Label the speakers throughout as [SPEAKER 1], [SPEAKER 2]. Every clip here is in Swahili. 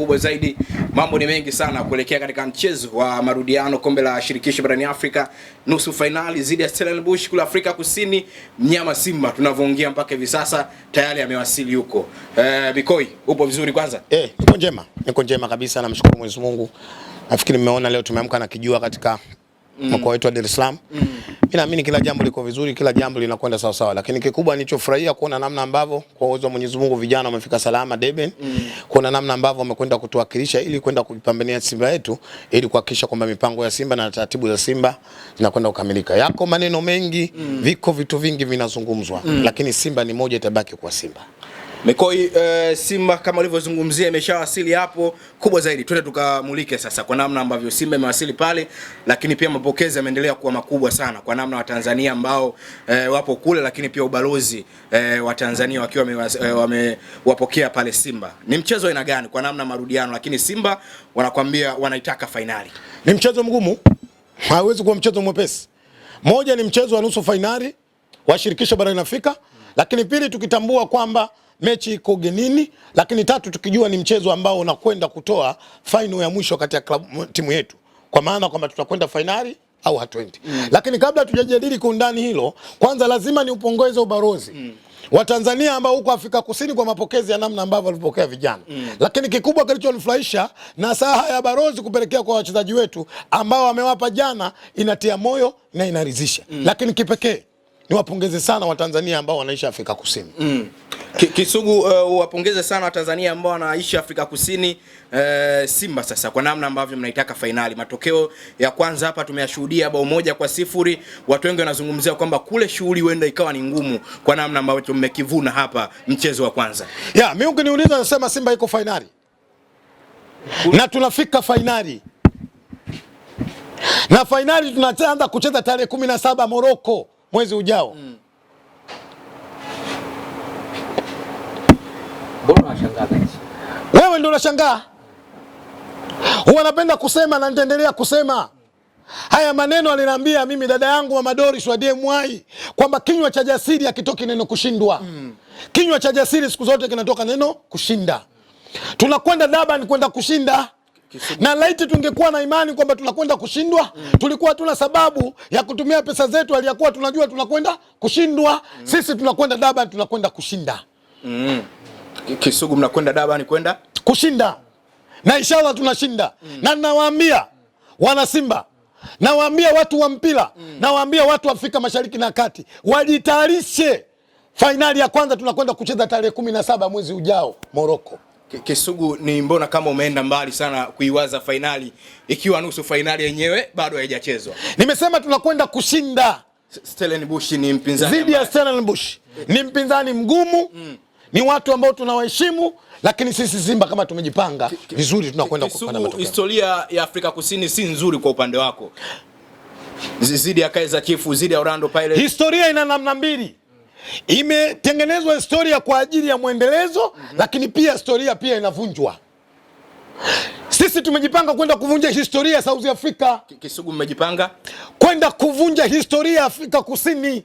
[SPEAKER 1] kubwa zaidi. Mambo ni mengi sana kuelekea katika mchezo wa marudiano kombe la shirikisho barani Afrika, nusu fainali dhidi ya Stellenbosch kule Afrika Kusini. Mnyama Simba tunavyoongea mpaka hivi sasa tayari amewasili huko. E, Bikoi, upo vizuri kwanza?
[SPEAKER 2] Eh, niko njema, niko njema kabisa, namshukuru Mwenyezi Mungu. Nafikiri mmeona leo tumeamka na kijua katika mm. mkoa mm. wetu wa Dar es Salaam mm. Mimi naamini kila jambo liko vizuri, kila jambo linakwenda sawa sawa, lakini kikubwa nilichofurahia kuona namna ambavyo kwa uwezo wa Mwenyezi Mungu vijana wamefika salama Deben, mm. kuona namna ambavyo wamekwenda kutuwakilisha ili kwenda kupambania Simba yetu ili kuhakikisha kwamba mipango ya Simba na taratibu za Simba zinakwenda kukamilika. Yako maneno mengi, mm. viko vitu vingi vinazungumzwa, mm. lakini Simba ni moja, itabaki kwa Simba.
[SPEAKER 1] Mekoi, e, Simba kama ulivyozungumzia imeshawasili hapo. Kubwa zaidi twende tukamulike sasa kwa namna ambavyo Simba imewasili pale, lakini pia mapokezi yameendelea kuwa makubwa sana kwa namna Watanzania ambao e, wapo kule, lakini pia ubalozi e, wa Tanzania wakiwa wamewapokea wame, pale. Simba ni mchezo aina gani kwa namna marudiano, lakini Simba wanakwambia wanaitaka fainali.
[SPEAKER 3] Ni mchezo mgumu, hawezi kuwa mchezo mwepesi. Moja ni mchezo wa nusu fainali wa shirikisho barani Afrika, lakini pili tukitambua kwamba mechi iko genini, lakini tatu tukijua ni mchezo ambao unakwenda kutoa final ya mwisho kati ya klabu timu yetu, kwa maana kwamba tutakwenda fainali au hatuendi mm. Lakini kabla tujajadili kwa undani hilo, kwanza lazima ni upongeze ubarozi mm. wa Tanzania ambao huko Afrika Kusini kwa mapokezi ya namna ambavyo walipokea vijana mm. Lakini kikubwa kilichonifurahisha na saha ya barozi kupelekea kwa wachezaji wetu ambao wamewapa jana, inatia moyo na inaridhisha mm. Lakini kipekee niwapongeze sana Watanzania ambao wanaishi Afrika Kusini
[SPEAKER 1] mm. Kisugu, uh, uwapongeze uh, sana Watanzania ambao wanaishi Afrika Kusini. Uh, Simba sasa kwa namna ambavyo mnaitaka fainali. Matokeo ya kwanza hapa tumeyashuhudia bao moja kwa sifuri. Watu wengi wanazungumzia kwamba kule shughuli huenda ikawa ni ngumu kwa namna ambavyo mmekivuna hapa mchezo wa kwanza.
[SPEAKER 3] Yeah, mimi ukiniuliza nasema Simba iko fainali na tunafika fainali na fainali tunaanza kucheza tarehe 17 Morocco mwezi ujao mm.
[SPEAKER 1] Wewe ndio unashangaa,
[SPEAKER 3] wanapenda kusema na nitaendelea kusema haya maneno. Aliniambia mimi dada yangu Mama Doris wa DMY kwamba kinywa cha jasiri hakitoki neno kushindwa. mm. Kinywa cha jasiri siku zote kinatoka neno kushinda. Tunakwenda Durban kwenda kushinda Kisumu. Na laiti tungekuwa na imani kwamba tunakwenda kushindwa mm. tulikuwa tuna sababu ya kutumia pesa zetu, aliyakuwa tunajua tunakwenda kushindwa mm. Sisi tunakwenda Durban tunakwenda kushinda mm.
[SPEAKER 1] Kisugu mnakwenda daba ni kwenda
[SPEAKER 3] kushinda na inshallah tunashinda mm. na ninawaambia wana Simba, nawaambia watu wa mpira mm. nawaambia watu wa Afrika Mashariki na Kati wajitayarishe, fainali ya kwanza tunakwenda kucheza tarehe kumi na saba mwezi ujao Moroko.
[SPEAKER 1] Kisugu, ni mbona kama umeenda mbali sana kuiwaza fainali ikiwa nusu fainali yenyewe bado haijachezwa?
[SPEAKER 3] Nimesema tunakwenda kushinda.
[SPEAKER 1] Stellenbosch ni mpinzani
[SPEAKER 3] dhidi ya Stellenbosch ni mpinzani mgumu mm ni watu ambao tunawaheshimu, lakini sisi Simba kama tumejipanga vizuri, tunakwenda
[SPEAKER 1] kupata matokeo. Historia ya Afrika Kusini si nzuri kwa upande wako, zidi ya Kaizer Chiefs, zidi ya Orlando Pirates.
[SPEAKER 3] Historia ina namna mbili imetengenezwa historia kwa ajili ya mwendelezo mm -hmm. Lakini pia historia pia inavunjwa. Sisi tumejipanga kwenda kuvunja historia ya South Africa.
[SPEAKER 1] Kisugu mmejipanga
[SPEAKER 3] kwenda kuvunja historia ya Afrika Kusini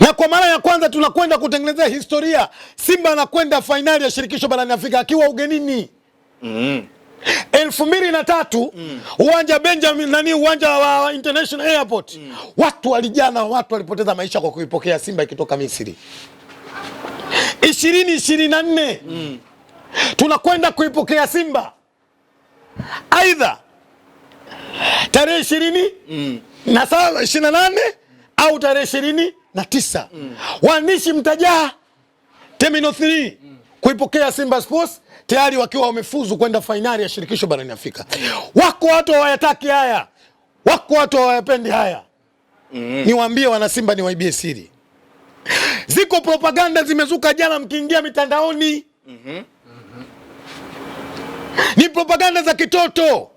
[SPEAKER 3] na kwa mara ya kwanza tunakwenda kutengenezea historia. Simba anakwenda fainali ya shirikisho barani Afrika akiwa ugenini mm. elfu mbili na tatu mm. uwanja Benjamin nani, uwanja wa International Airport mm. watu walijana, watu walipoteza maisha kwa kuipokea Simba ikitoka Misri ishirini ishirini na nne mm. tunakwenda kuipokea Simba aidha tarehe ishirini mm. na saba ishirini na nane au tarehe ishirini na tisa mm. Waandishi mtajaa Terminal 3 mm. kuipokea Simba Sports tayari wakiwa wamefuzu kwenda fainali ya shirikisho barani Afrika. Wako watu hawayataki haya, wako watu hawayapendi haya mm. Niwaambie wanasimba, niwaibie siri, ziko propaganda zimezuka jana, mkiingia mitandaoni Mm -hmm. ni propaganda za kitoto.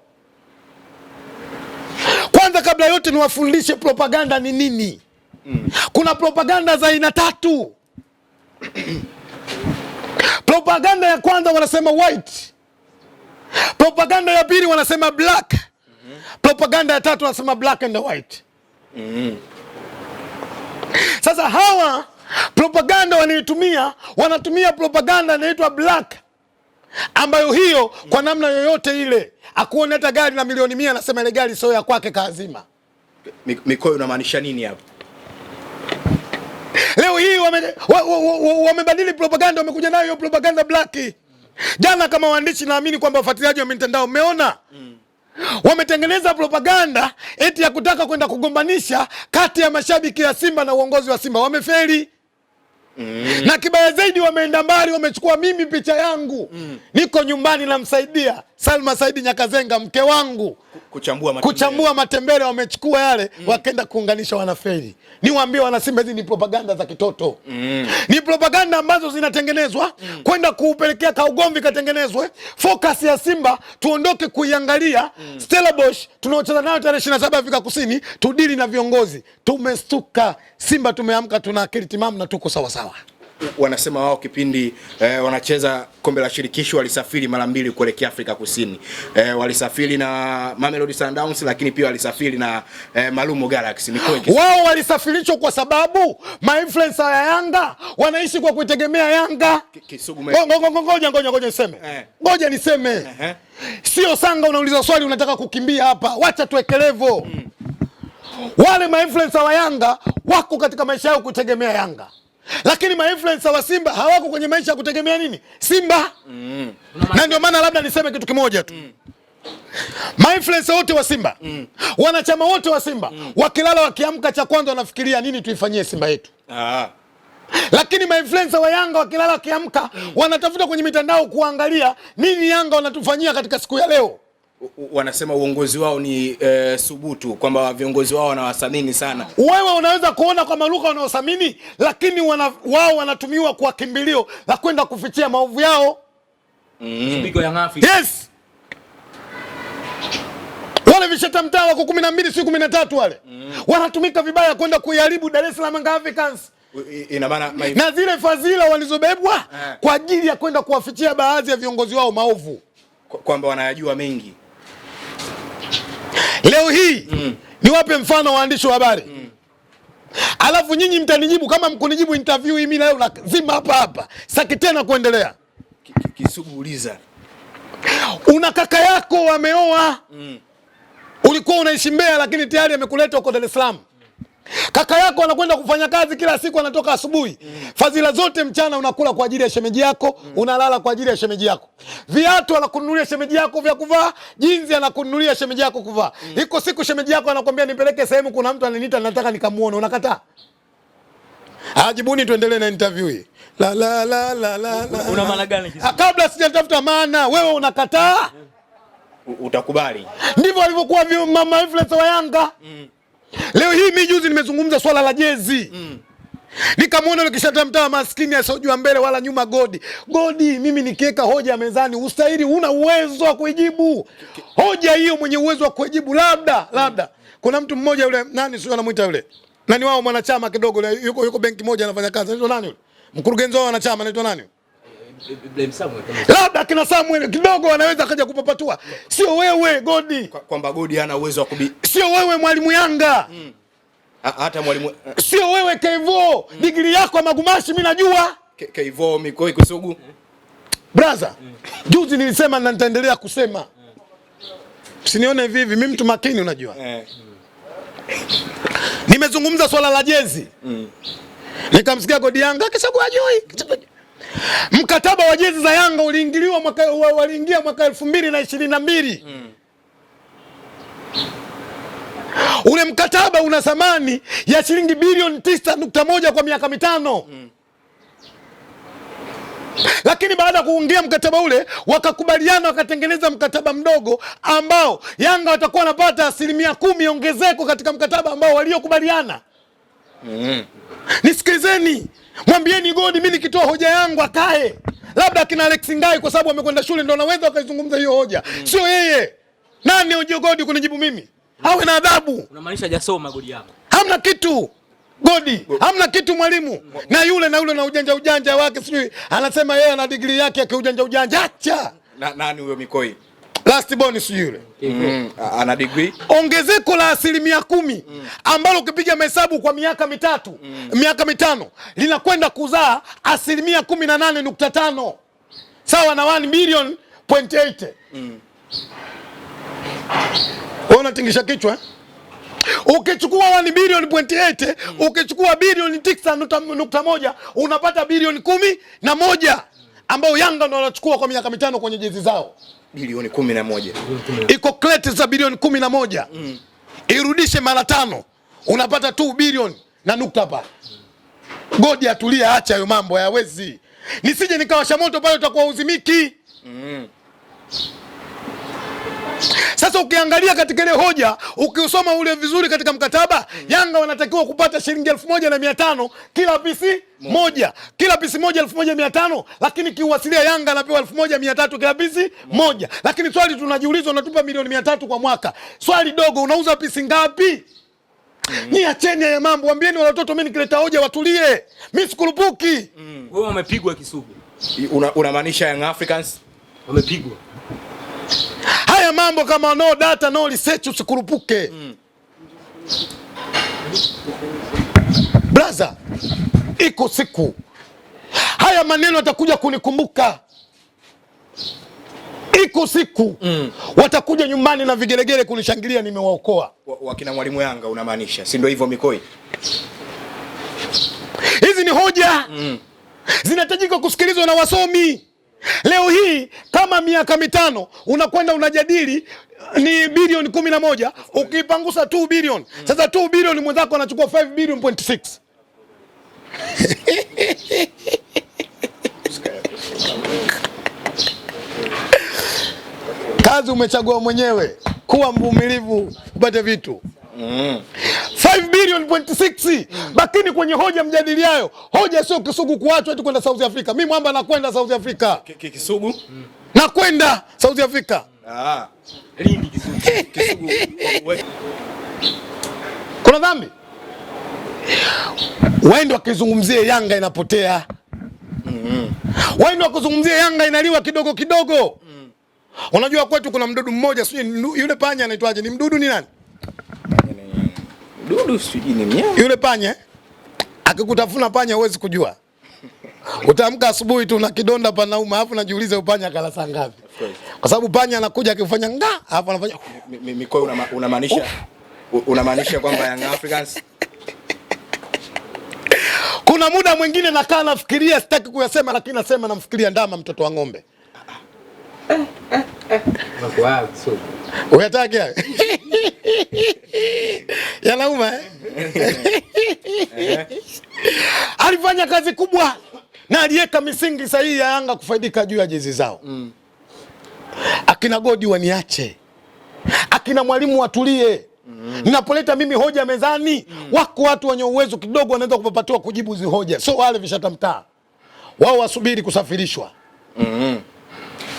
[SPEAKER 3] Kwanza kabla yote niwafundishe propaganda ni nini. Kuna propaganda za aina tatu propaganda ya kwanza wanasema white, propaganda ya pili wanasema black propaganda ya tatu wanasema black and white Sasa hawa propaganda wanaitumia, wanatumia propaganda inaitwa black ambayo hiyo kwa namna yoyote ile akuone hata gari na milioni mia, anasema ile gari sio ya kwake, kaazima.
[SPEAKER 1] Mikoyo inamaanisha nini hapo?
[SPEAKER 3] wamebadili propaganda, wamekuja nayo hiyo propaganda black. Jana kama waandishi, naamini kwamba wafuatiliaji wa mitandao mmeona mm. Wametengeneza propaganda eti ya kutaka kwenda kugombanisha kati ya mashabiki ya Simba na uongozi wa Simba. Wamefeli mm. Na kibaya zaidi, wameenda mbali, wamechukua mimi picha yangu mm. Niko nyumbani namsaidia Salma Saidi Nyakazenga, mke wangu,
[SPEAKER 1] kuchambua matembele,
[SPEAKER 3] kuchambua matembele wamechukua yale mm. Wakenda kuunganisha wanafeli. Niwaambie wanasimba, hizi ni propaganda za kitoto mm. Ni propaganda ambazo zinatengenezwa mm. kwenda kuupelekea kaugomvi katengenezwe. Focus ya Simba tuondoke kuiangalia mm. Stella Bosch tunaocheza nayo tarehe 27 Afrika Kusini, tudili na viongozi. Tumestuka Simba, tumeamka, tuna akili timamu na tuko sawasawa
[SPEAKER 1] wanasema wao kipindi eh, wanacheza kombe la shirikisho walisafiri mara mbili kuelekea Afrika Kusini eh, walisafiri na Mamelodi Sundowns, lakini pia walisafiri na eh, Malumo Galaxy.
[SPEAKER 3] Wao walisafirishwa kwa sababu ma influencer ya Yanga wanaishi kwa kuitegemea Yanga. Ngoja ngoja ngoja niseme, eh. ngoja niseme, sio sanga. Unauliza swali unataka kukimbia hapa, wacha tuweke Mm. Wale ma influencer wa Yanga wako katika maisha yao kutegemea Yanga lakini mainfluensa wa Simba hawako kwenye maisha ya kutegemea nini Simba mm. na ndio maana labda niseme kitu kimoja tu mm. Mainfluensa wote wa Simba mm. wanachama wote wa Simba mm. wakilala wakiamka, cha kwanza wanafikiria nini tuifanyie Simba yetu ah. Lakini mainfluensa wa Yanga wakilala wakiamka, mm. wanatafuta kwenye mitandao kuangalia nini Yanga wanatufanyia katika siku ya leo
[SPEAKER 1] wanasema uongozi wao ni e, subutu kwamba viongozi wao wanawathamini sana.
[SPEAKER 3] Wewe unaweza kuona kwa Luka wanaothamini, lakini wana, wao wanatumiwa kwa kimbilio la kwenda kufichia maovu yao mm. Yes, wale vishata mtaa wako kumi na mbili si kumi na tatu wale mm. wanatumika vibaya kwenda kuiharibu Dar es Salaam Africans. na zile fadhila walizobebwa eh, kwa ajili ya kwenda kuwafichia baadhi ya viongozi wao maovu
[SPEAKER 1] kwamba wanayajua mengi
[SPEAKER 3] Leo hii mm. niwape mfano waandishi wa habari mm. alafu nyinyi mtanijibu kama mkunijibu interview hii, mimi leo lazima hapa hapa saki tena kuendelea
[SPEAKER 1] kisuguuliza
[SPEAKER 3] una kaka yako wameoa mm. ulikuwa unaishi Mbeya, lakini tayari amekuleta huko Dar es Salaam Kaka yako anakwenda kufanya kazi kila siku, anatoka asubuhi mm. Fadhila zote mchana unakula kwa ajili ya shemeji yako mm. Unalala kwa ajili ya shemeji yako, viatu anakununulia shemeji yako vya kuvaa, jinzi anakununulia shemeji yako kuvaa mm. Iko siku shemeji yako anakwambia nipeleke sehemu, kuna mtu ananiita, nataka nikamuone, unakataa. Ajibuni, tuendelee na interview hii. La la la la la, la. una maana gani? Ah, kabla sijatafuta maana, wewe unakataa,
[SPEAKER 1] utakubali.
[SPEAKER 3] Ndivyo alivyokuwa mama influencer wa Yanga mm. Leo hii mimi juzi nimezungumza swala la jezi mm. Nikamwona kishata mtaa maskini asiojua mbele wala nyuma. Godi Godi, mimi nikiweka hoja mezani, ustahili una uwezo wa kuijibu hoja hiyo. Mwenye uwezo wa kuijibu labda labda kuna mtu mmoja yule nani, sio anamuita yule nani wao mwanachama kidogo, yuko yuko benki moja anafanya kazi, anaitwa nani yule mkurugenzi wao wanachama, anaitwa nani? labda kina Samuel kidogo anaweza kaja kupapatua, sio wewe Godi,
[SPEAKER 1] kwamba Godi hana uwezo wa kubi,
[SPEAKER 3] sio wewe mwalimu Yanga mm. hata mwalimu eh, eh. sio wewe Kevo mm. digiri yako ya magumashi mimi najua
[SPEAKER 1] Ke, Kevo Mikoi Kusugu
[SPEAKER 3] braza mm. juzi nilisema na nitaendelea kusema mm. sinione hivi hivi, mimi mtu makini, unajua mm. nimezungumza swala la jezi mm. nikamsikia Godi Yanga akishakuajui Mkataba wa jezi za Yanga uliingiliwa mwaka, waliingia mwaka elfu mbili na ishirini na mbili mm. Ule mkataba una thamani ya shilingi bilioni tisa nukta moja kwa miaka mitano mm. Lakini baada ya kuingia mkataba ule wakakubaliana, wakatengeneza mkataba mdogo ambao Yanga watakuwa wanapata asilimia kumi ongezeko katika mkataba ambao waliokubaliana mm. Nisikilizeni. Mwambieni Godi, mi nikitoa hoja yangu akae, labda akina Alex Ngai kwa sababu amekwenda shule ndo anaweza akaizungumza hiyo hoja, mm. sio yeye. Nani uje Godi kunijibu mimi? Mm. Awe na adhabu.
[SPEAKER 1] Unamaanisha hajasoma Godi yako?
[SPEAKER 3] Hamna kitu Godi, mm. hamna kitu mwalimu. Na yule na yule na ujanja ujanja wake, sijui anasema yeye ana digrii yake ya kiujanja ujanja. Acha.
[SPEAKER 1] Na, nani huyo Mikoi?
[SPEAKER 3] last bonus yule mm.
[SPEAKER 1] ana degree
[SPEAKER 3] ongezeko la asilimia kumi mm. ambalo ukipiga mahesabu kwa miaka mitatu mm. miaka mitano linakwenda kuzaa asilimia kumi na nane nukta tano sawa na 1 million point 8 mm. unatingisha kichwa eh? Ukichukua 1 billion point 8 mm. ukichukua bilioni tisa nukta moja unapata bilioni kumi na moja ambayo Yanga ndo wanachukua kwa miaka mitano kwenye jezi zao
[SPEAKER 1] bilioni kumi na moja
[SPEAKER 3] iko kreti za bilioni kumi na moja mm. irudishe mara tano unapata tu bilioni na nukta pa godi atulia, acha hayo mambo hayawezi, nisije nikawasha moto pale, utakuwa uzimiki mm. Sasa ukiangalia katika ile hoja ukiusoma ule vizuri katika mkataba mm. Yanga wanatakiwa kupata shilingi elfu moja na mia tano kila pisi moja. moja kila pisi moja elfu moja mia tano lakini kiuasilia Yanga anapewa elfu moja mia tatu kila pisi moja, moja. Lakini swali tunajiuliza unatupa milioni mia tatu kwa mwaka, swali dogo, unauza pisi ngapi? Mm. Ni acheni haya mambo, ambieni wale watoto, mimi nikileta hoja watulie, mimi sikurupuki.
[SPEAKER 1] Mm. Wewe umepigwa kisugu, unamaanisha Young Africans wamepigwa
[SPEAKER 3] Haya mambo kama no data no research usikurupuke, mm. iko siku haya maneno yatakuja kunikumbuka, iko siku mm. watakuja nyumbani na vigelegele kunishangilia nimewaokoa.
[SPEAKER 1] Wakina Mwalimu Yanga unamaanisha, si ndio hivyo? Mikoi
[SPEAKER 3] hizi ni hoja mm. zinahitajika kusikilizwa na wasomi Leo hii kama miaka mitano unakwenda unajadili uh, ni bilioni kumi na moja ukipangusa 2 bilioni mm. Sasa 2 bilioni mwenzako anachukua 5 bilioni point 6 kazi umechagua mwenyewe, kuwa mvumilivu upate vitu. Mm. 5 billion point 6. Mm. Lakini kwenye hoja mjadiliayo, hoja sio Kisugu kuachwa eti kwenda South Africa. Mimi mwamba nakwenda South Africa.
[SPEAKER 1] Kisugu? Mm.
[SPEAKER 3] Nakwenda South Africa. Ah. Lindi Kisugu. Kisugu. Kuna dhambi? Waende wakizungumzie Yanga inapotea. Mm. Mm-hmm. Waende wakizungumzie Yanga inaliwa kidogo kidogo. Mm. Unajua kwetu kuna mdudu mmoja sio yule panya anaitwaje? Ni mdudu ni nani?
[SPEAKER 1] Dudu sijui ni mnyama.
[SPEAKER 3] Yule panya akikutafuna panya huwezi kujua. Utaamka asubuhi tu na kidonda panauma, alafu najiuliza upanya kala saa ngapi? Kwa sababu panya anakuja akifanya nga, alafu anafanya
[SPEAKER 1] mikoi. Unamaanisha unamaanisha kwamba Young Africans
[SPEAKER 3] kuna muda mwingine nakaa nafikiria, sitaki kuyasema, lakini nasema namfikiria ndama, mtoto wa ng'ombe Unataka yanauma eh? eh? Alifanya kazi kubwa na aliweka misingi sahihi ya Yanga kufaidika juu ya jezi zao mm. Akina Godi waniache, akina Mwalimu watulie. Mm. Ninapoleta mimi hoja mezani mm. Wako watu wenye uwezo kidogo wanaweza kupapatiwa kujibu hizo hoja, so wale vishatamtaa wao wasubiri kusafirishwa mm -hmm.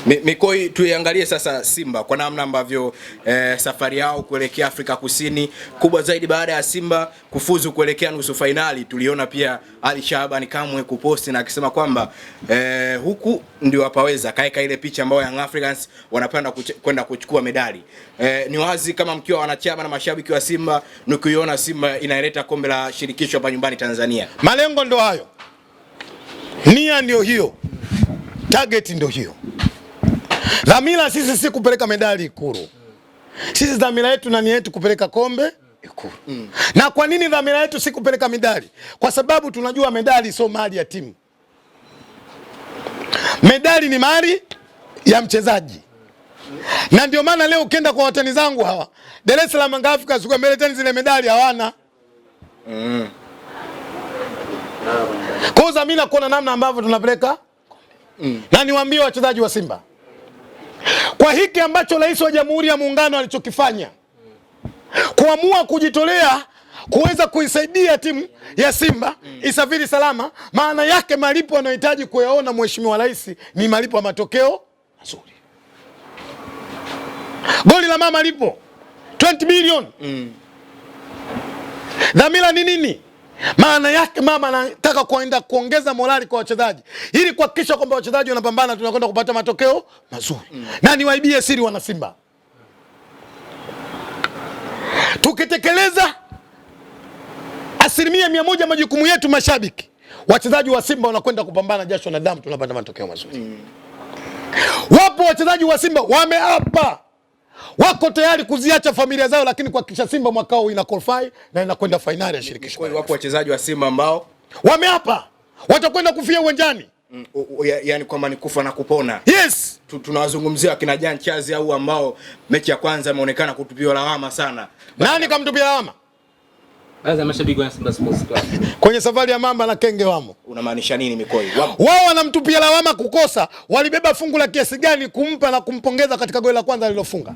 [SPEAKER 1] Mikoi, tuiangalie sasa Simba kwa namna ambavyo eh, safari yao kuelekea Afrika Kusini kubwa zaidi baada ya Simba kufuzu kuelekea nusu fainali. Tuliona pia Ali Shaban Kamwe kuposti na akisema kwamba eh, huku ndio wapaweza kaeka ile picha ambayo Young Africans wanapenda kwenda kuchukua medali. Eh, ni wazi kama mkiwa wanachama na mashabiki wa Simba nikiona Simba inaileta kombe la shirikisho hapa nyumbani Tanzania.
[SPEAKER 3] Malengo ndio hayo, nia ndio hiyo, target ndio hiyo. Dhamira sisi si kupeleka medali Ikulu. Sisi dhamira yetu na nia yetu kupeleka kombe Ikulu. Mm. Na kwa nini dhamira yetu si kupeleka medali? Kwa sababu tunajua medali sio mali ya timu. Medali ni mali ya mchezaji. Na ndio maana leo ukienda kwa watani zangu hawa, Dar es Salaam Yanga Africa siku mbele tena zile medali hawana. Mm. Kwa dhamira kuona namna ambavyo tunapeleka Mm. Na niwaambie wachezaji wa Simba kwa hiki ambacho rais wa Jamhuri ya Muungano alichokifanya kuamua kujitolea kuweza kuisaidia timu ya Simba isafiri salama, maana yake malipo anayohitaji kuyaona mheshimiwa rais ni malipo ya matokeo mazuri. Goli la mama lipo 20 bilioni. Mm. Dhamira ni nini? Maana yake mama anataka kuenda kuongeza morali kwa wachezaji ili kuhakikisha kwamba wachezaji wanapambana, tunakwenda kupata matokeo mazuri mm. na niwaibie siri wana Simba, tukitekeleza asilimia mia moja majukumu yetu mashabiki, wachezaji wa Simba wanakwenda kupambana jasho na damu, tunapata matokeo mazuri mm. Wapo wachezaji wa Simba wameapa wako tayari kuziacha familia zao, lakini kuhakikisha Simba mwaka huu ina qualify na inakwenda fainali ya shirikisho. Kwa
[SPEAKER 1] hiyo wapo wachezaji wa Simba ambao
[SPEAKER 3] wameapa watakwenda kufia uwanjani
[SPEAKER 1] mm, yaani kwamba ni kufa na kupona. Yes, tunawazungumzia akina Jan Chazi au ambao mechi ya kwanza imeonekana kutupiwa lawama sana.
[SPEAKER 3] Nani kamtupia lawama? kwenye safari ya mamba na kenge wamo.
[SPEAKER 1] Unamaanisha nini Mikoi?
[SPEAKER 3] Wao wanamtupia lawama kukosa, walibeba fungu la kiasi gani kumpa na kumpongeza katika goli la kwanza alilofunga.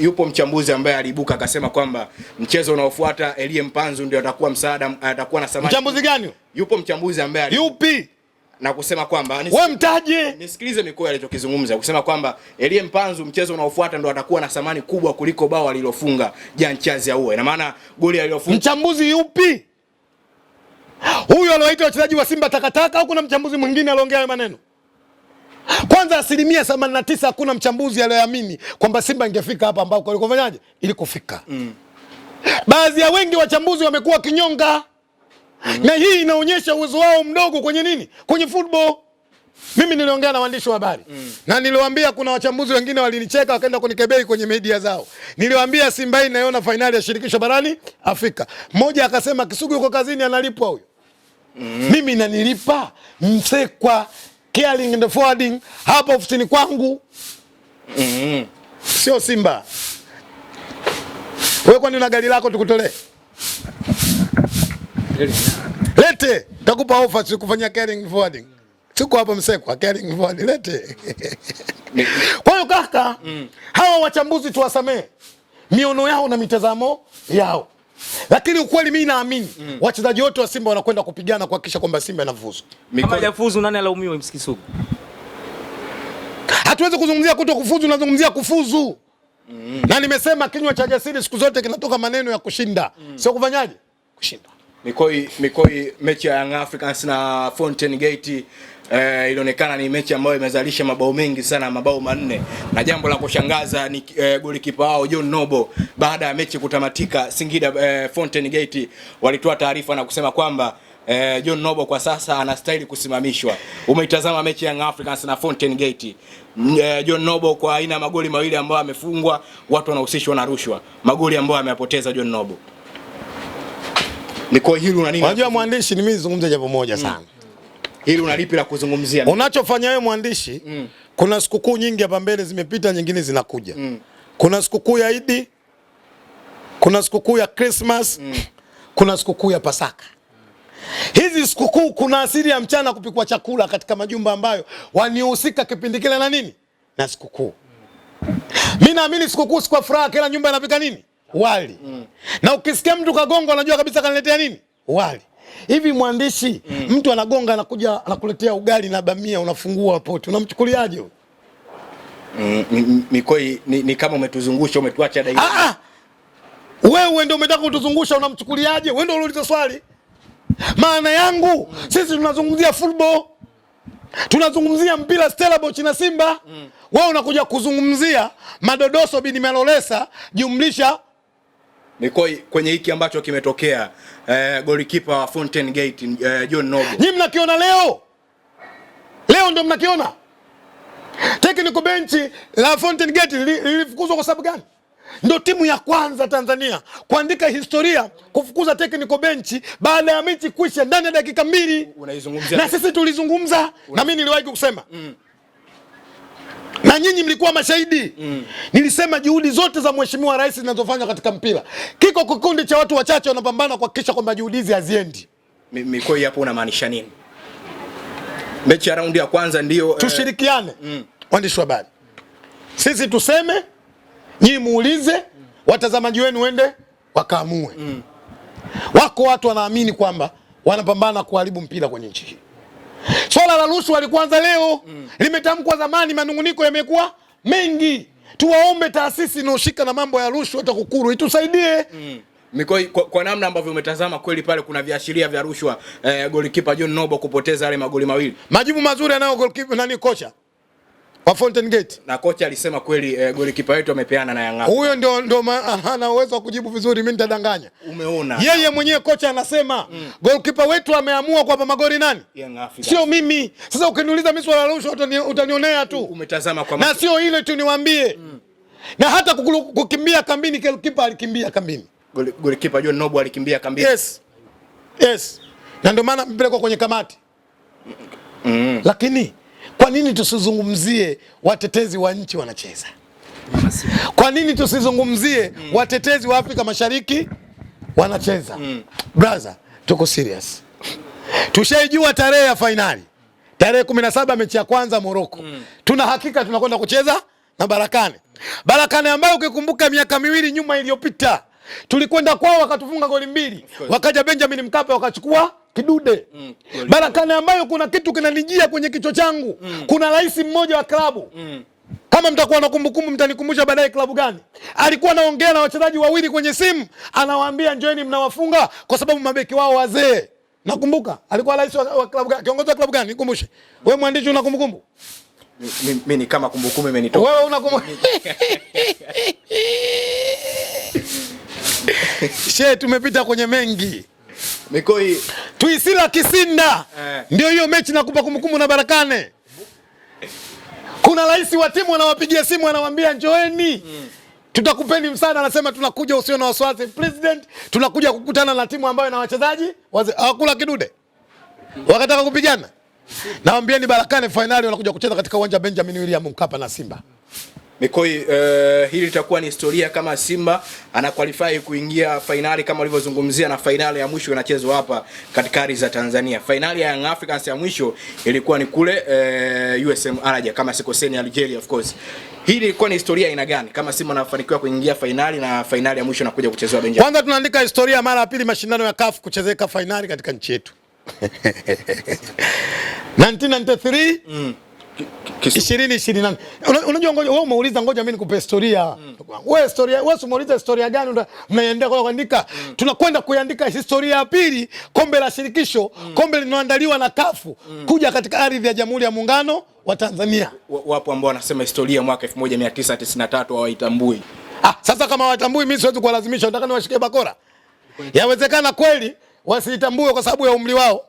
[SPEAKER 1] Yupo mchambuzi ambaye alibuka akasema kwamba mchezo unaofuata Elie Mpanzu ndio atakuwa msaada, atakuwa na samani.
[SPEAKER 3] Mchambuzi gani?
[SPEAKER 1] Yupo mchambuzi ambaye yupi na kusema kwamba
[SPEAKER 3] wewe mtaje,
[SPEAKER 1] nisikilize Mikoa alichokizungumza kusema kwamba Elie Mpanzu mchezo unaofuata ndo atakuwa na thamani kubwa kuliko bao alilofunga Jan Chazi Ahoue. Ina maana
[SPEAKER 3] goli alilofunga. Mchambuzi yupi huyu alowaita wachezaji wa Simba takataka au kuna mchambuzi mwingine aliongea hayo maneno? Kwanza asilimia 89 hakuna mchambuzi aliyoamini kwamba Simba ingefika hapa ambako ilikofanyaje ili kufika. Mm. Baadhi ya wengi wachambuzi wamekuwa kinyonga na hii inaonyesha uwezo wao mdogo kwenye nini, kwenye football. Mimi niliongea na waandishi wa habari mm. na niliwaambia, kuna wachambuzi wengine walinicheka wakaenda kunikebei kwenye media zao. Niliwaambia Simba hii inaiona fainali ya shirikisho barani Afrika. Mmoja akasema Kisugu yuko kazini, analipwa huyo mm. mimi nanilipa Msekwa caring and forwarding hapa ofisini kwangu mm sio Simba. Wewe kwani una gari lako tukutolee? Lete, takupa ofa si kufanya carrying forwarding. Siku hapa msekwa carrying forwarding lete. Kwa hiyo kaka, hawa wachambuzi tuwasamee miono yao na mitazamo yao, lakini ukweli mimi naamini mm. wachezaji wote wa Simba wanakwenda kupigana kuhakikisha kwamba Simba inafuzu.
[SPEAKER 1] Kama hajafuzu nani alaumiwe? Msikisugu,
[SPEAKER 3] hatuwezi kuzungumzia kuto kufuzu, unazungumzia kufuzu mm. na nimesema kinywa cha jasiri siku zote kinatoka maneno ya kushinda mm. sio kufanyaje kushinda.
[SPEAKER 1] Mikoi, Mikoi, mechi ya Young Africans na Fountain Gate eh, ilionekana ni mechi ambayo imezalisha mabao mengi sana, mabao manne, na jambo la kushangaza ni eh, golikipa wao John Nobo, baada ya mechi kutamatika Singida eh, Fountain Gate walitoa taarifa na kusema kwamba eh, John Nobo kwa sasa anastahili kusimamishwa. Umeitazama mechi ya Young Africans na Fountain Gate. Mm, eh, John Nobo kwa aina ya magoli mawili ambayo amefungwa, watu wanahusishwa na rushwa, magoli ambayo ameyapoteza John Nobo. Ni kwa hili una nini?
[SPEAKER 3] Unajua mwandishi, mimi nizungumze jambo moja mm. sana. Hili una lipi la kuzungumzia? Unachofanya wewe mwandishi, mm. kuna sikukuu nyingi hapa mbele zimepita, nyingine zinakuja. Mm. Kuna sikukuu ya Idi, kuna sikukuu ya Christmas, kuna sikukuu ya Pasaka. Hizi sikukuu kuna asili ya mchana kupikwa chakula katika majumba ambayo wanihusika kipindi kile na nini na sikukuu. Mimi naamini sikukuu si furaha, kila nyumba inapika nini wali mm. na ukisikia mtu kagonga unajua kabisa kaniletea nini wali hivi mwandishi mm. mtu anagonga anakuja anakuletea ugali na bamia unafungua poti unamchukuliaje huyo
[SPEAKER 1] mm, Mikoi ni, ni kama umetuzungusha umetuacha
[SPEAKER 3] daima ah, ah, wewe ndio umetaka kutuzungusha unamchukuliaje wewe ndio uliuliza swali maana yangu mm. sisi tunazungumzia football tunazungumzia mpira Stella na Simba mm. wewe unakuja kuzungumzia madodoso bin Malolesa jumlisha
[SPEAKER 1] Mikoi, kwenye hiki ambacho kimetokea eh, golikipa wa Fountain Gate eh, John Nogo.
[SPEAKER 3] Nyinyi mnakiona leo? Leo ndio mnakiona? Technical bench la Fountain Gate lilifukuzwa kwa sababu gani? Ndio timu ya kwanza Tanzania kuandika historia kufukuza technical bench baada ya mechi kuisha ndani ya dakika mbili. Na sisi tulizungumza una... na mimi niliwahi kusema mm na nyinyi mlikuwa mashahidi mm. Nilisema juhudi zote za mheshimiwa rais zinazofanywa katika mpira, kiko kikundi cha watu wachache wanapambana kuhakikisha kwamba juhudi hizi haziendi.
[SPEAKER 1] Mikoi hapo unamaanisha nini? Mechi ya raundi ya kwanza ndio eh,
[SPEAKER 3] tushirikiane, mm. Waandishi wa habari, sisi tuseme, nyinyi muulize, watazamaji wenu wende wakaamue. mm. Wako watu wanaamini kwamba wanapambana kuharibu mpira kwenye nchi hii. Swala la rushwa likuanza leo mm. limetamkwa zamani, manunguniko yamekuwa mengi. Tuwaombe taasisi inaoshika na mambo ya rushwa, TAKUKURU itusaidie mm.
[SPEAKER 1] Mikoi, kwa, kwa namna ambavyo umetazama kweli pale kuna viashiria vya rushwa eh, golikipa John Nobo kupoteza yale magoli mawili.
[SPEAKER 3] Majibu mazuri anayo golikipa nani kocha wa Fountain Gate.
[SPEAKER 1] Na kocha alisema kweli eh, golikipa wetu amepeana na Yanga.
[SPEAKER 3] Huyo ndio ndio ana uwezo wa kujibu vizuri, mimi nitadanganya. Umeona. Yeye mwenyewe kocha anasema mm. golikipa wetu ameamua kwa pa magori nani? Yanga Africa. Sio mimi. Sasa ukiniuliza mimi swala la rushwa utanionea tu.
[SPEAKER 1] Umetazama kwa
[SPEAKER 3] Na sio ile tu niwaambie. Mm. Na hata kukimbia kambini golikipa alikimbia kambini.
[SPEAKER 1] Golikipa John Nobu alikimbia kambini. Yes.
[SPEAKER 3] Yes. Na ndio maana mpelekwa kwenye kamati. Mm. Lakini kwa nini tusizungumzie watetezi wa nchi wanacheza? Kwa nini tusizungumzie watetezi wa Afrika Mashariki wanacheza? Mm. Brother, tuko serious. Tushaijua tarehe ya fainali, tarehe 17 mechi ya kwanza Morocco. Mm. Tuna hakika tunakwenda kucheza na Barakane. Barakane ambayo ukikumbuka miaka miwili nyuma iliyopita tulikwenda kwao wakatufunga goli mbili, wakaja Benjamin Mkapa wakachukua kidude mm, Barakani, ambayo kuna kitu kinanijia kwenye kichwa changu mm. Kuna rais mmoja wa klabu mm. Kama mtakuwa na kumbukumbu, mtanikumbusha baadaye klabu gani alikuwa anaongea na wachezaji wawili kwenye simu, anawaambia njoeni, mnawafunga kwa sababu mabeki wao wazee. Nakumbuka alikuwa rais wa klabu gani, kiongozi wa klabu gani? Nikumbushe wewe, mwandishi, una kumbukumbu?
[SPEAKER 1] Mimi ni kama kumbukumbu imenitoka. Wewe una kumbukumbu?
[SPEAKER 3] She, tumepita kwenye mengi Mikoi tuisila kisinda eh. Ndio hiyo mechi nakupa kumbukumbu na Barakane. Kuna rais wa timu anawapigia simu anawaambia njoeni mm. Tutakupeni msaada, anasema tunakuja, usio na wasiwasi president, tunakuja kukutana na timu ambayo na wachezaji hawakula kidude, wakataka kupigana. ni Barakane, fainali wanakuja kucheza katika uwanja Benjamin William Mkapa na Simba.
[SPEAKER 1] Mikoi, uh, eh, hili litakuwa ni historia kama Simba ana qualify kuingia fainali kama walivyozungumzia, na fainali ya mwisho inachezwa hapa katika ardhi za Tanzania. Fainali ya Young Africans ya mwisho ilikuwa ni kule uh, eh, USM Alger kama sikoseni, Algeria of course. Hili ilikuwa ni historia aina gani kama Simba anafanikiwa kuingia fainali na fainali ya mwisho inakuja kuchezewa Benjamin?
[SPEAKER 3] Kwanza tunaandika historia mara ya pili mashindano ya CAF kuchezeka fainali katika nchi yetu 1993 mm ishirini ishirini nane. Unajua, ngoja wewe umeuliza, ngoja mimi nikupe historia mm. wewe. Historia wewe umeuliza historia gani mnaendea kwa kuandika? Mm. Tunakwenda kuiandika historia ya pili, kombe la shirikisho, mm. kombe linaloandaliwa na kafu kuja katika ardhi ya Jamhuri ya Muungano wa Tanzania.
[SPEAKER 1] Wapo ambao wanasema historia mwaka 1993 hawaitambui.
[SPEAKER 3] Ah, sasa kama hawatambui, mimi siwezi kuwalazimisha, nataka niwashike bakora. Yawezekana kweli wasiitambue kwa sababu ya umri wao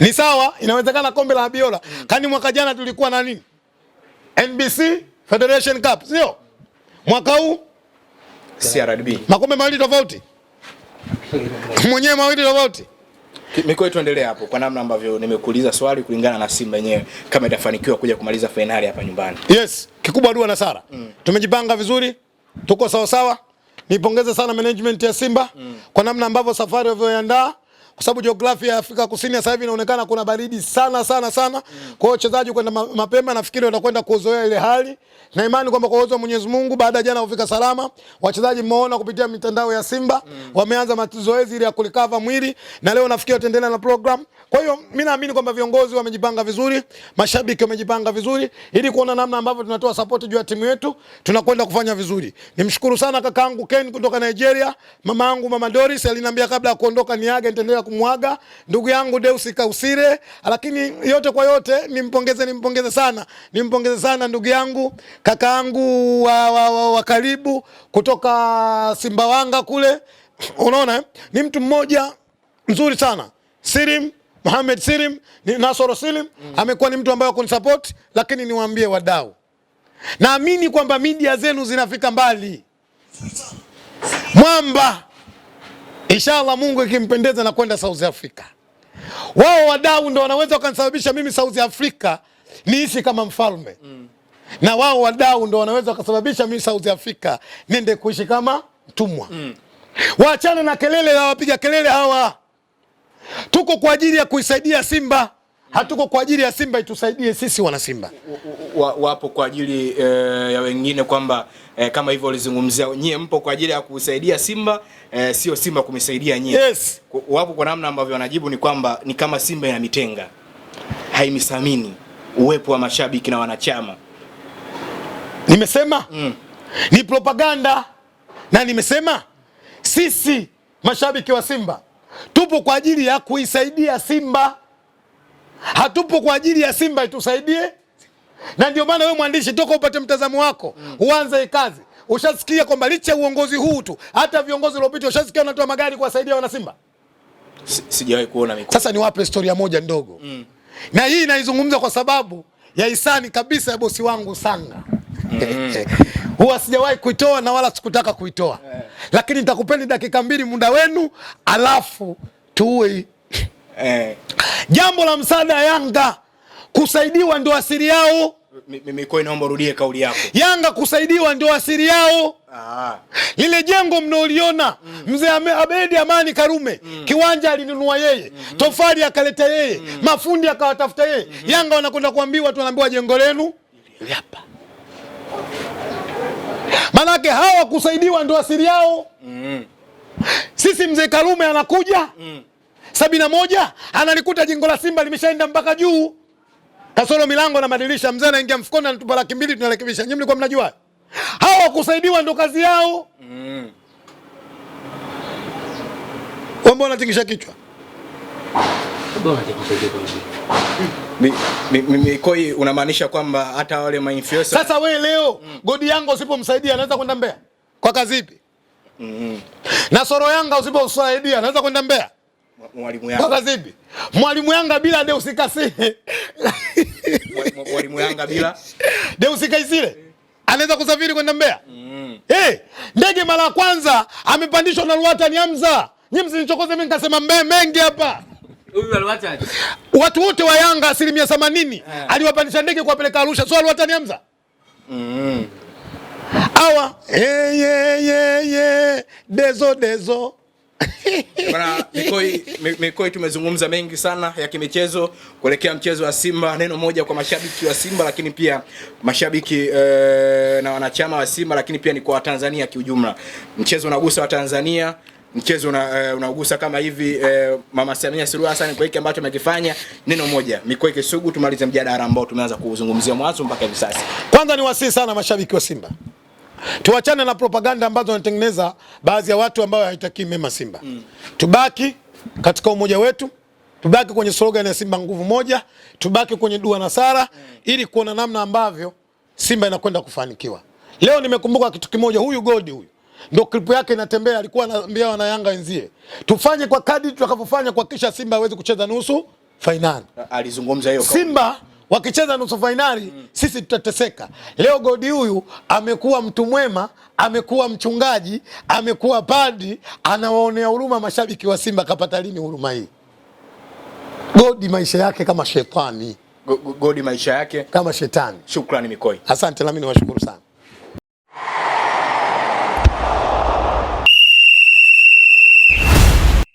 [SPEAKER 3] ni sawa, inawezekana kombe la Abiola mm. Kani mwaka jana tulikuwa na nini? NBC Federation Cup, sio? Mwaka huu CRDB. Makombe mawili tofauti. Mwenyewe mawili tofauti.
[SPEAKER 1] Mikoa tuendelee hapo kwa namna ambavyo nimekuuliza swali kulingana na Simba yenyewe kama itafanikiwa kuja kumaliza fainali hapa nyumbani.
[SPEAKER 3] Yes, kikubwa dua na Sara. Mm. Tumejipanga vizuri. Tuko sawa sawa. Nipongeze sana management ya Simba mm. kwa namna ambavyo safari walivyoandaa kwa sababu jiografia ya Afrika Kusini sasa hivi inaonekana kuna baridi sana sana sana. Kwa hiyo wachezaji kwenda mapema, nafikiri watakwenda kuzoea ile hali na imani kwamba kwa uwezo wa Mwenyezi Mungu, baada ya jana kufika salama, wachezaji mmeona kupitia mitandao ya Simba mm. wameanza mazoezi ili ya kulikava mwili na leo nafikiri wataendelea na program. Kwa hiyo mimi naamini kwamba viongozi wamejipanga vizuri, mashabiki wamejipanga vizuri ili kuona namna ambavyo tunatoa support juu ya timu yetu, tunakwenda kufanya vizuri. Nimshukuru sana kakaangu Ken kutoka Nigeria, mamaangu mama Doris aliniambia kabla ya kuondoka niage nitaendelea kumwaga ndugu yangu Deus Kausire. Lakini yote kwa yote, nimpongeze nimpongeze sana nimpongeze sana ndugu yangu yangu wa, wa, wa, wa karibu kutoka Simbawanga kule, unaona ni mtu mmoja mzuri sana Sirim Mohamed Sirim ni Nasoro Sirim mm. amekuwa ni mtu ambaye kunisupport, lakini niwaambie wadau, naamini kwamba media zenu zinafika mbali mwamba Inshallah Mungu ikimpendeza na kwenda South Africa. Wao wadau ndo wanaweza wakanisababisha mimi South Africa niishi kama mfalme mm. na wao wadau ndo wanaweza wakasababisha mimi South Africa nende kuishi kama mtumwa mm. Waachane na kelele la wapiga kelele hawa, tuko kwa ajili ya kuisaidia Simba hatuko kwa ajili ya Simba itusaidie sisi wana Simba.
[SPEAKER 1] Wapo kwa ajili e, ya wengine kwamba e, kama hivyo walizungumzia nyie mpo kwa ajili ya kusaidia Simba e, sio Simba kumsaidia nyie. Yes. Wapo kwa namna ambavyo wanajibu ni kwamba ni kama Simba inamitenga haimisamini uwepo wa mashabiki na wanachama.
[SPEAKER 3] Nimesema mm. ni propaganda na nimesema sisi mashabiki wa Simba tupo kwa ajili ya kuisaidia Simba hatupo kwa ajili ya Simba itusaidie, na ndio maana wewe mwandishi, toka upate mtazamo wako, uanze kazi. Ushasikia kwamba licha uongozi huu tu, hata viongozi waliopita, ushasikia wanatoa magari kuwasaidia wana Simba?
[SPEAKER 1] Sijawahi kuona mikono.
[SPEAKER 3] Sasa niwape historia moja ndogo mm. na hii naizungumza kwa sababu ya hisani kabisa ya bosi wangu Sanga mm. huwa sijawahi kuitoa na wala sikutaka kuitoa yeah. Lakini nitakupeni dakika mbili muda wenu, alafu tuwe Jambo la msaada Yanga kusaidiwa ndio asili yao.
[SPEAKER 1] Mimi naomba urudie kauli yako.
[SPEAKER 3] Yanga kusaidiwa ndio asili yao. Ah. Lile jengo mnaoliona mm. Mzee Abedi Amani Karume mm. Kiwanja alinunua yeye mm -hmm. Tofali akaleta yeye mm. Mafundi akawatafuta yeye mm -hmm. Yanga wanakwenda kuambiwa, watu wanaambiwa jengo lenu hapa. Manake hawa kusaidiwa ndio asili yao mm. Sisi mzee Karume anakuja mm sabini na moja analikuta jengo la Simba limeshaenda mpaka juu, kasoro milango na madirisha. Mzee anaingia mfukoni, anatupa laki mbili, tunarekebisha. Nyinyi mlikuwa mnajua hawa kusaidiwa ndo kazi yao mm. Wamba wanatingisha kichwa
[SPEAKER 1] mi, mi, mi, koi unamaanisha kwamba hata wale mainfiosa
[SPEAKER 3] sasa, we leo mm. Godi yango usipomsaidia anaweza kwenda Mbeya kwa kazi ipi? mm -hmm. na Soro Yanga usipomsaidia anaweza kwenda Mbeya mwalimu yangu mpaka zipi? Mwalimu Yanga bila Deus Kasile, mwalimu Yanga bila Deus Kasile anaweza kusafiri kwenda Mbeya. mm. Hey, eh, ndege mara ya kwanza amepandishwa na Ruwata ni Hamza. Nyinyi msinichokoze mimi nikasema Mbeya mengi hapa Huyu watu wote wa Yanga asilimia themanini yeah. aliwapandisha ndege kuwapeleka Arusha, Sio Ruwata ni Hamza. mm. Awa hey, yeah, yeah, yeah. Dezo dezo
[SPEAKER 1] Bwana Mikoi, Mikoi, tumezungumza mengi sana ya kimichezo kuelekea mchezo wa Simba. Neno moja kwa mashabiki wa Simba, lakini pia mashabiki e, na wanachama wa Simba, lakini pia ni kwa Watanzania kiujumla. Mchezo unagusa Watanzania, mchezo una, e, eh, unagusa kama hivi e, Mama Samia Suluhu Hassan kwa hiki ambacho amekifanya. Neno moja, Mikoi Kisugu, tumalize mjadala ambao tumeanza kuzungumzia mwanzo mpaka hivi sasa.
[SPEAKER 3] Kwanza ni wasii sana mashabiki wa Simba. Tuachane na propaganda ambazo wanatengeneza baadhi ya watu ambao haitakii mema Simba. Mm. Tubaki katika umoja wetu, tubaki kwenye slogan ya Simba nguvu moja, tubaki kwenye dua na sara mm. ili kuona namna ambavyo Simba inakwenda kufanikiwa. Leo nimekumbuka kitu kimoja, huyu Godi huyu ndio clip yake inatembea, alikuwa anaambia wana Yanga wenzie, tufanye kwa kadri tutakavyofanya kuhakikisha Simba aweze kucheza nusu fainali.
[SPEAKER 1] Alizungumza hiyo
[SPEAKER 3] Simba wakicheza nusu fainali mm. sisi tutateseka. Leo Godi huyu amekuwa mtu mwema, amekuwa mchungaji, amekuwa padri, anawaonea huruma mashabiki wa Simba. Kapata lini huruma hii? Godi maisha yake kama shetani,
[SPEAKER 1] Godi maisha yake
[SPEAKER 3] kama shetani.
[SPEAKER 1] Shukrani Mikoi,
[SPEAKER 3] asante nami niwashukuru sana.